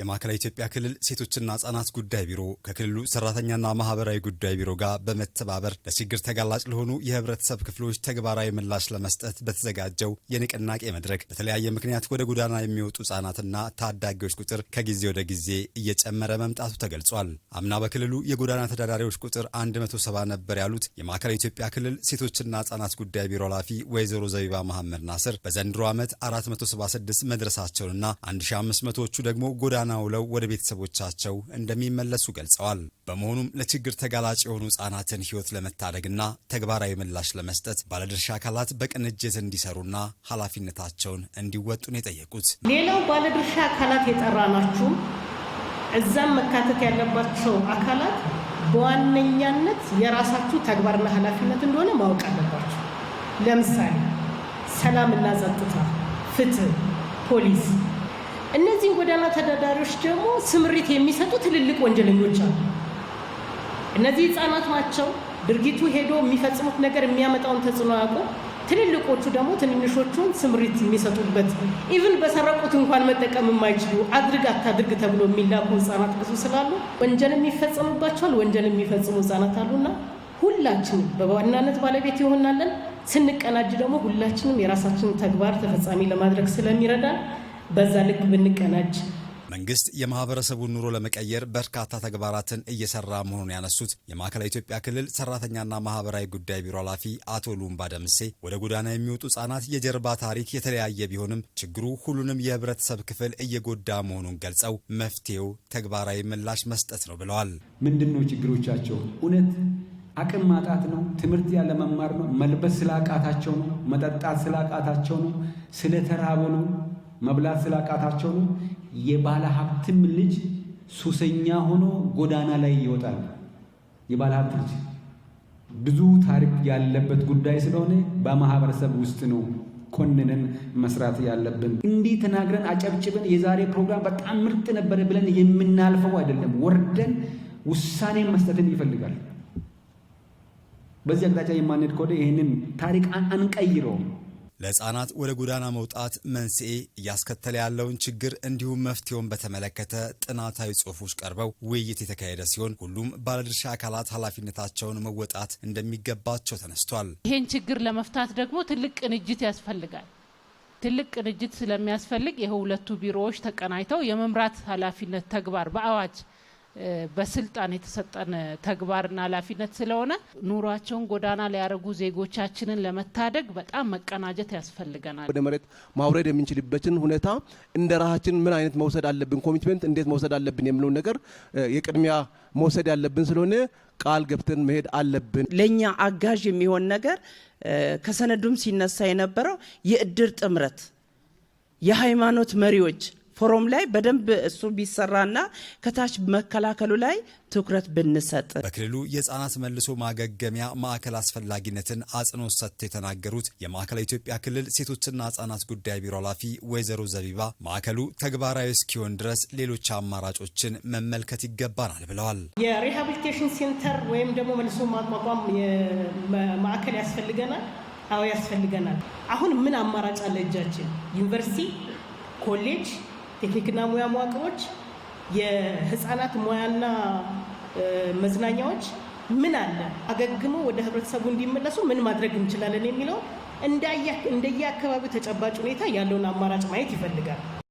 የማዕከላዊ ኢትዮጵያ ክልል ሴቶችና ህጻናት ጉዳይ ቢሮ ከክልሉ ሰራተኛና ማህበራዊ ጉዳይ ቢሮ ጋር በመተባበር ለችግር ተጋላጭ ለሆኑ የህብረተሰብ ክፍሎች ተግባራዊ ምላሽ ለመስጠት በተዘጋጀው የንቅናቄ መድረክ በተለያየ ምክንያት ወደ ጎዳና የሚወጡ ህጻናትና ታዳጊዎች ቁጥር ከጊዜ ወደ ጊዜ እየጨመረ መምጣቱ ተገልጿል። አምና በክልሉ የጎዳና ተዳዳሪዎች ቁጥር 170 ነበር ያሉት የማዕከላዊ ኢትዮጵያ ክልል ሴቶችና ህጻናት ጉዳይ ቢሮ ኃላፊ ወይዘሮ ዘቢባ መሐመድ ናስር በዘንድሮ ዓመት 476 መድረሳቸውንና 1500ዎቹ ደግሞ ጎዳና ጫና ውለው ወደ ቤተሰቦቻቸው እንደሚመለሱ ገልጸዋል። በመሆኑም ለችግር ተጋላጭ የሆኑ ህጻናትን ህይወት ለመታደግና ተግባራዊ ምላሽ ለመስጠት ባለድርሻ አካላት በቅንጅት እንዲሰሩና ኃላፊነታቸውን እንዲወጡ ነው የጠየቁት። ሌላው ባለድርሻ አካላት የጠራናችሁ እዛም መካተት ያለባቸው አካላት በዋነኛነት የራሳችሁ ተግባርና ኃላፊነት እንደሆነ ማወቅ አለባቸሁ። ለምሳሌ ሰላምና ጸጥታ፣ ፍትህ፣ ፖሊስ እነዚህ ጎዳና ተዳዳሪዎች ደግሞ ስምሪት የሚሰጡ ትልልቅ ወንጀለኞች አሉ። እነዚህ ህፃናት ናቸው። ድርጊቱ ሄዶ የሚፈጽሙት ነገር የሚያመጣውን ተጽዕኖ ያውቁ። ትልልቆቹ ደግሞ ትንንሾቹን ስምሪት የሚሰጡበት ኢቭን በሰረቁት እንኳን መጠቀም የማይችሉ አድርግ አታድርግ ተብሎ የሚላኩ ህጻናት ብዙ ስላሉ ወንጀልም ይፈጸምባቸዋል። ወንጀል የሚፈጽሙ ህጻናት አሉና ሁላችንም በዋናነት ባለቤት ይሆናለን። ስንቀናጅ ደግሞ ሁላችንም የራሳችንን ተግባር ተፈጻሚ ለማድረግ ስለሚረዳን በዛ ልክ ብንቀናጅ መንግስት የማህበረሰቡን ኑሮ ለመቀየር በርካታ ተግባራትን እየሰራ መሆኑን ያነሱት የማዕከላዊ ኢትዮጵያ ክልል ሰራተኛና ማህበራዊ ጉዳይ ቢሮ ኃላፊ አቶ ሉምባ ደምሴ ወደ ጎዳና የሚወጡ ህጻናት የጀርባ ታሪክ የተለያየ ቢሆንም ችግሩ ሁሉንም የህብረተሰብ ክፍል እየጎዳ መሆኑን ገልጸው መፍትሄው ተግባራዊ ምላሽ መስጠት ነው ብለዋል። ምንድን ነው ችግሮቻቸው? እውነት አቅም ማጣት ነው? ትምህርት ያለመማር ነው? መልበስ ስላቃታቸው ነው? መጠጣት ስላቃታቸው ነው? ስለተራበ ነው? መብላት ስላቃታቸው ነው። የባለ ሀብትም ልጅ ሱሰኛ ሆኖ ጎዳና ላይ ይወጣል። የባለ ሀብት ልጅ ብዙ ታሪክ ያለበት ጉዳይ ስለሆነ በማህበረሰብ ውስጥ ነው ኮንነን መስራት ያለብን። እንዲህ ተናግረን አጨብጭበን የዛሬ ፕሮግራም በጣም ምርጥ ነበረ ብለን የምናልፈው አይደለም። ወርደን ውሳኔ መስጠትን ይፈልጋል። በዚህ አቅጣጫ የማንሄድ ከሆነ ይህንን ታሪክ አንቀይረውም። ለህጻናት ወደ ጎዳና መውጣት መንስኤ እያስከተለ ያለውን ችግር እንዲሁም መፍትሄውን በተመለከተ ጥናታዊ ጽሁፎች ቀርበው ውይይት የተካሄደ ሲሆን ሁሉም ባለድርሻ አካላት ኃላፊነታቸውን መወጣት እንደሚገባቸው ተነስቷል። ይህን ችግር ለመፍታት ደግሞ ትልቅ ቅንጅት ያስፈልጋል። ትልቅ ቅንጅት ስለሚያስፈልግ የሁለቱ ቢሮዎች ተቀናጅተው የመምራት ኃላፊነት ተግባር በአዋጅ በስልጣን የተሰጠን ተግባርና ኃላፊነት ስለሆነ ኑሯቸውን ጎዳና ሊያደርጉ ዜጎቻችንን ለመታደግ በጣም መቀናጀት ያስፈልገናል። ወደ መሬት ማውረድ የምንችልበትን ሁኔታ እንደ ራሳችን ምን አይነት መውሰድ አለብን፣ ኮሚትመንት እንዴት መውሰድ አለብን የሚለውን ነገር የቅድሚያ መውሰድ ያለብን ስለሆነ ቃል ገብተን መሄድ አለብን። ለእኛ አጋዥ የሚሆን ነገር ከሰነዱም ሲነሳ የነበረው የእድር ጥምረት የሃይማኖት መሪዎች ፎረም ላይ በደንብ እሱ ቢሰራና ከታች መከላከሉ ላይ ትኩረት ብንሰጥ። በክልሉ የህፃናት መልሶ ማገገሚያ ማዕከል አስፈላጊነትን አጽንኦት ሰጥተው የተናገሩት የማዕከላዊ ኢትዮጵያ ክልል ሴቶችና ህጻናት ጉዳይ ቢሮ ኃላፊ ወይዘሮ ዘቢባ ማዕከሉ ተግባራዊ እስኪሆን ድረስ ሌሎች አማራጮችን መመልከት ይገባናል ብለዋል። የሪሃቢሊቴሽን ሴንተር ወይም ደግሞ መልሶ ማቋቋም ማዕከል ያስፈልገናል። አዎ ያስፈልገናል። አሁን ምን አማራጭ አለ እጃችን? ዩኒቨርሲቲ፣ ኮሌጅ ቴክኒክና ሙያ መዋቅሮች፣ የህፃናት ሙያና መዝናኛዎች ምን አለ አገግሞ ወደ ህብረተሰቡ እንዲመለሱ ምን ማድረግ እንችላለን የሚለው እንደየአካባቢው ተጨባጭ ሁኔታ ያለውን አማራጭ ማየት ይፈልጋል።